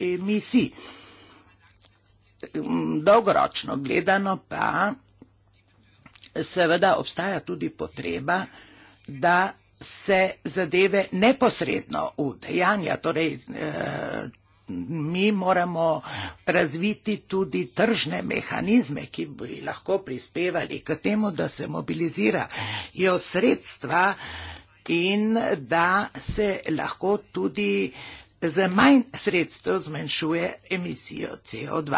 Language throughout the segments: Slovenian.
emisij. Mm, dolgoročno gledano pa seveda obstaja tudi potreba, da se zadeve neposredno v dejanja, torej eh, mi moramo razviti tudi tržne mehanizme, ki bi lahko prispevali k temu, da se mobilizirajo sredstva in da se lahko tudi z manj sredstev zmanjšuje emisijo CO2.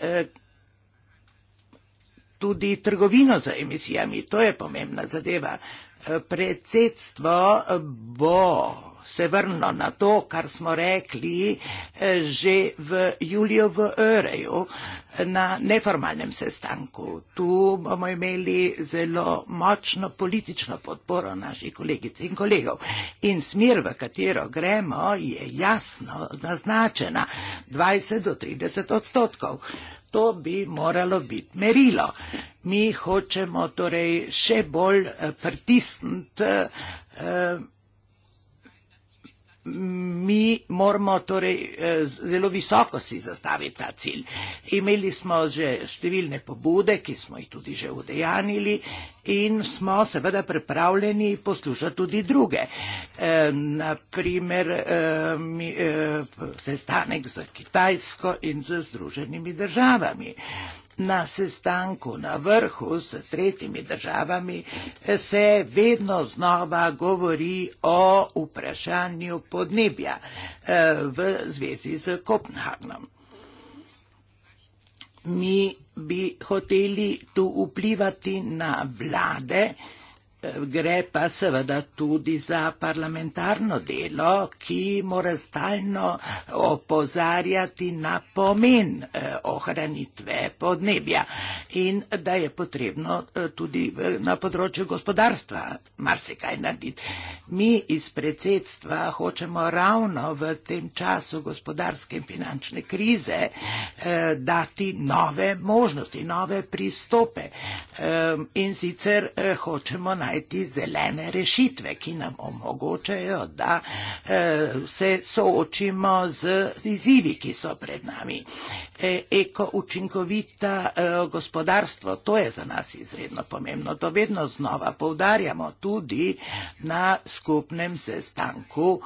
E, eh, tudi trgovino z emisijami, to je pomembna zadeva. E, predsedstvo bo se vrnilo na to, kar smo rekli eh, že v juliju v Öreju na neformalnem sestanku. Tu bomo imeli zelo močno politično podporo naših kolegic in kolegov. In smer, v katero gremo, je jasno naznačena 20 do 30 odstotkov. To bi moralo biti merilo. Mi hočemo torej še bolj eh, pritisniti eh, mi moramo torej eh, zelo visoko si zastaviti ta cilj. Imeli smo že številne pobude, ki smo jih tudi že udejanili in smo seveda pripravljeni poslušati tudi druge. E, eh, naprimer, e, eh, mi, e, sestanek za Kitajsko in za združenimi državami. Na sestanku na vrhu s tretjimi državami se vedno znova govori o vprašanju podnebja eh, v zvezi z Kopenhagnom. Mi bi hoteli tu vplivati na vlade, gre pa seveda tudi za parlamentarno delo, ki mora stalno opozarjati na pomen eh, ohranitve podnebja in da je potrebno eh, tudi eh, na področju gospodarstva marsikaj narediti. Mi iz predsedstva hočemo ravno v tem času gospodarske in finančne krize dati nove možnosti, nove pristope in sicer hočemo naj najti zelene rešitve, ki nam omogočajo, da eh, se soočimo z izzivi, ki so pred nami. E, eko učinkovita eh, gospodarstvo, to je za nas izredno pomembno. To vedno znova poudarjamo tudi na skupnem sestanku,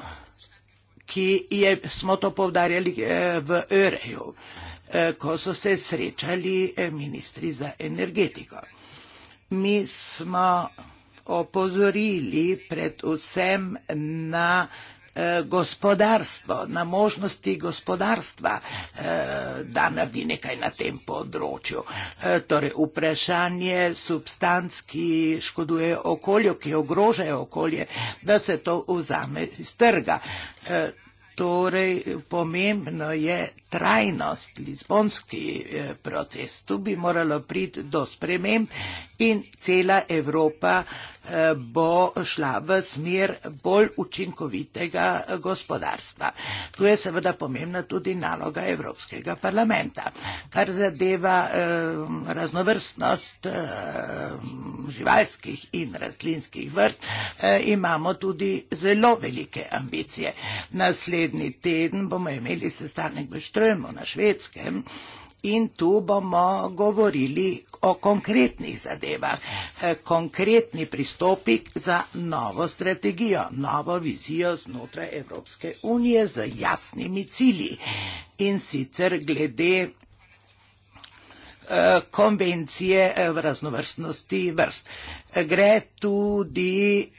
ki je, smo to poudarjali eh, v Öreju, ko so se srečali ministri za energetiko. Mi smo opozorili predvsem na eh, gospodarstvo, na možnosti gospodarstva, eh, da naredi nekaj na tem področju. Eh, torej, vprašanje substanc, ki škoduje okolju, ki ogrožajo okolje, da se to vzame iz trga. Torej, pomembno je, trajnost, lizbonski eh, proces. Tu bi moralo priti do sprememb in cela Evropa eh, bo šla v smer bolj učinkovitega eh, gospodarstva. Tu je seveda pomembna tudi naloga Evropskega parlamenta, kar zadeva raznovrstnost živalskih in rastlinskih vrst. Imamo tudi zelo velike ambicije. Naslednji teden bomo imeli sestanek v Štrbovi, Strömo na švedskem in tu bomo govorili o konkretnih zadevah, eh, konkretni pristopi za novo strategijo, novo vizijo znotraj Evropske unije z jasnimi cilji in sicer glede eh, konvencije eh, v raznovrstnosti vrst. Gre tudi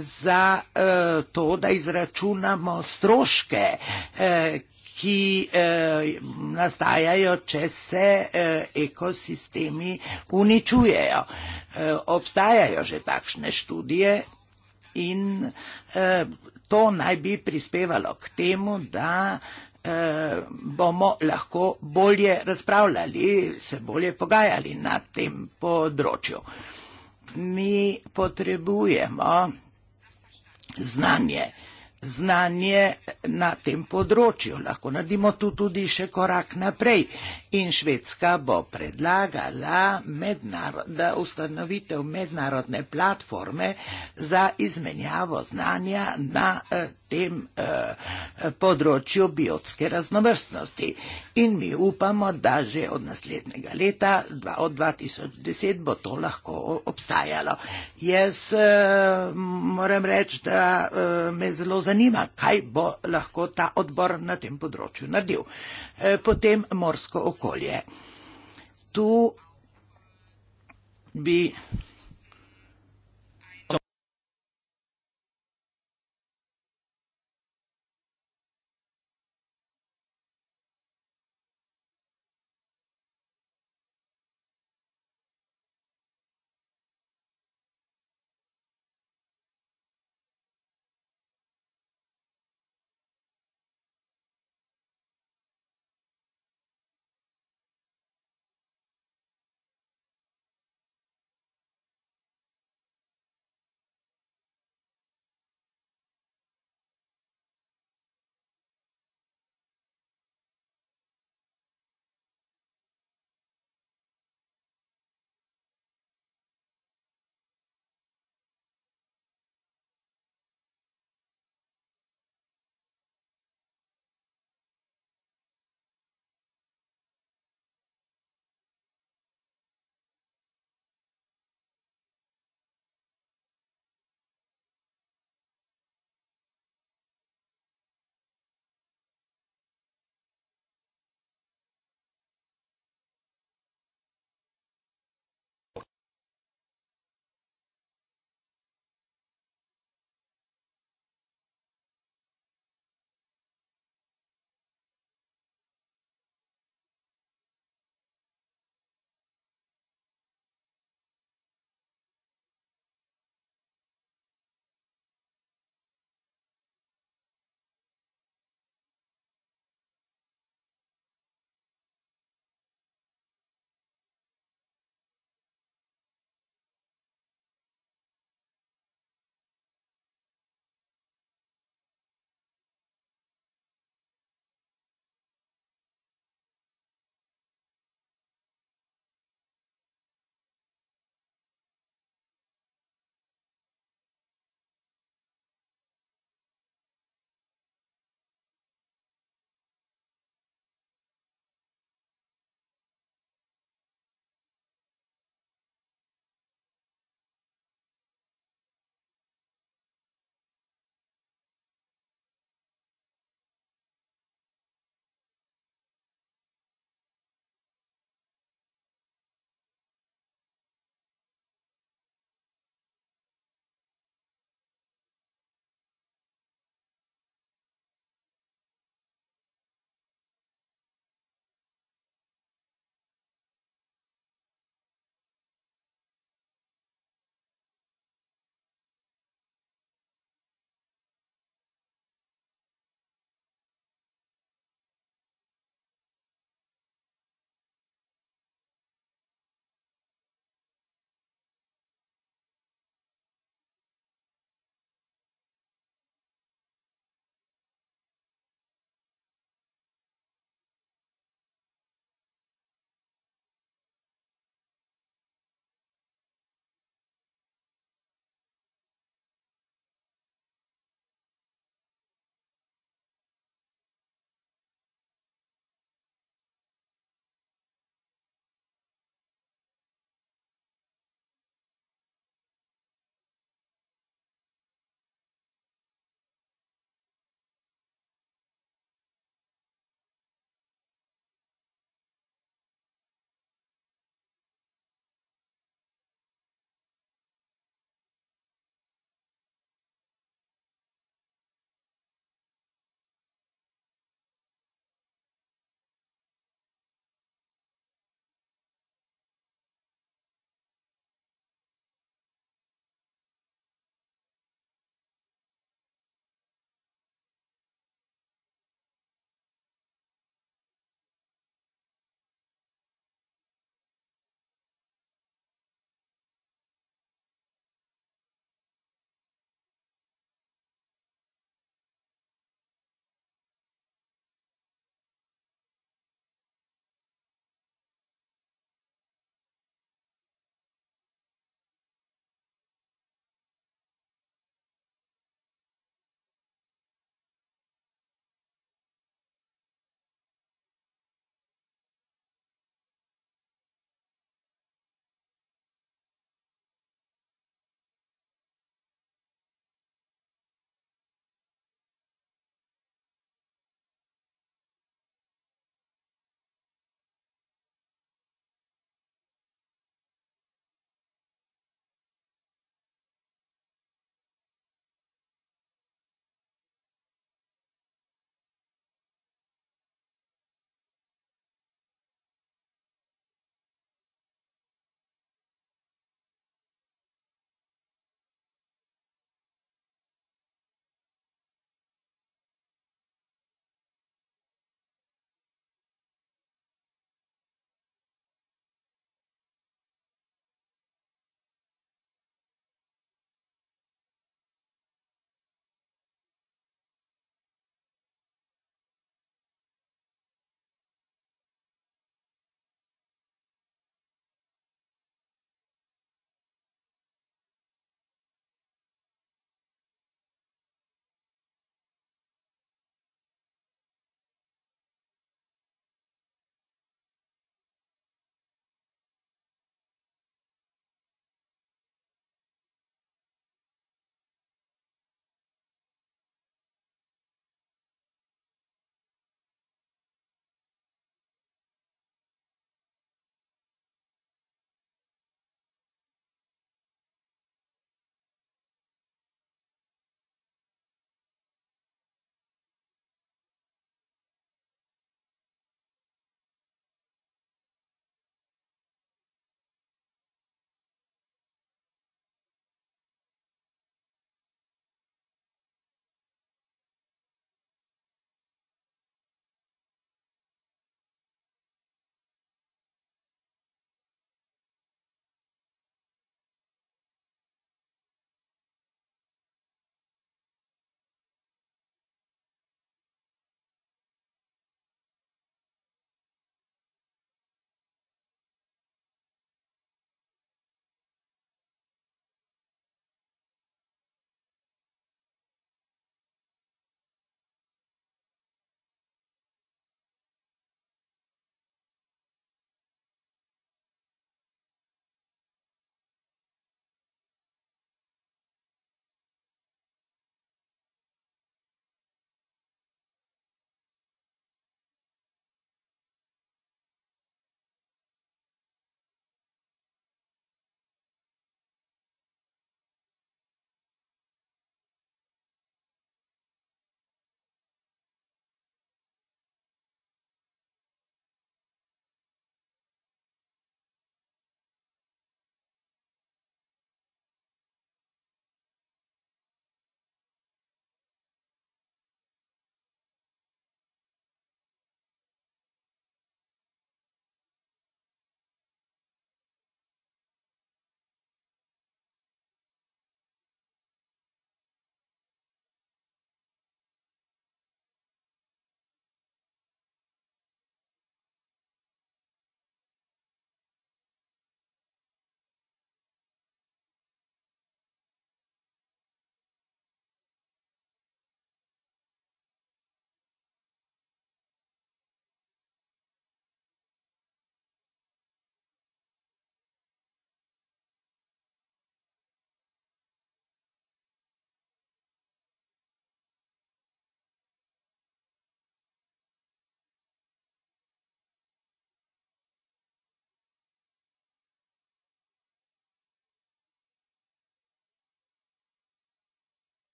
za to, da izračunamo stroške, ki eh, nastajajo, če se eh, ekosistemi uničujejo. Eh, obstajajo že takšne študije in eh, to naj bi prispevalo k temu, da eh, bomo lahko bolje razpravljali, se bolje pogajali na tem področju. Mi potrebujemo znanje znanje na tem področju. Lahko naredimo tu tudi še korak naprej. In Švedska bo predlagala mednarod, ustanovitev mednarodne platforme za izmenjavo znanja na eh, tem eh, področju biotske raznovrstnosti. In mi upamo, da že od naslednjega leta, dva, od 2010, bo to lahko obstajalo. Jaz eh, moram reči, da eh, me zelo zanima, kaj bo lahko ta odbor na tem področju naredil. Eh, potem morsko okolje. Tu bi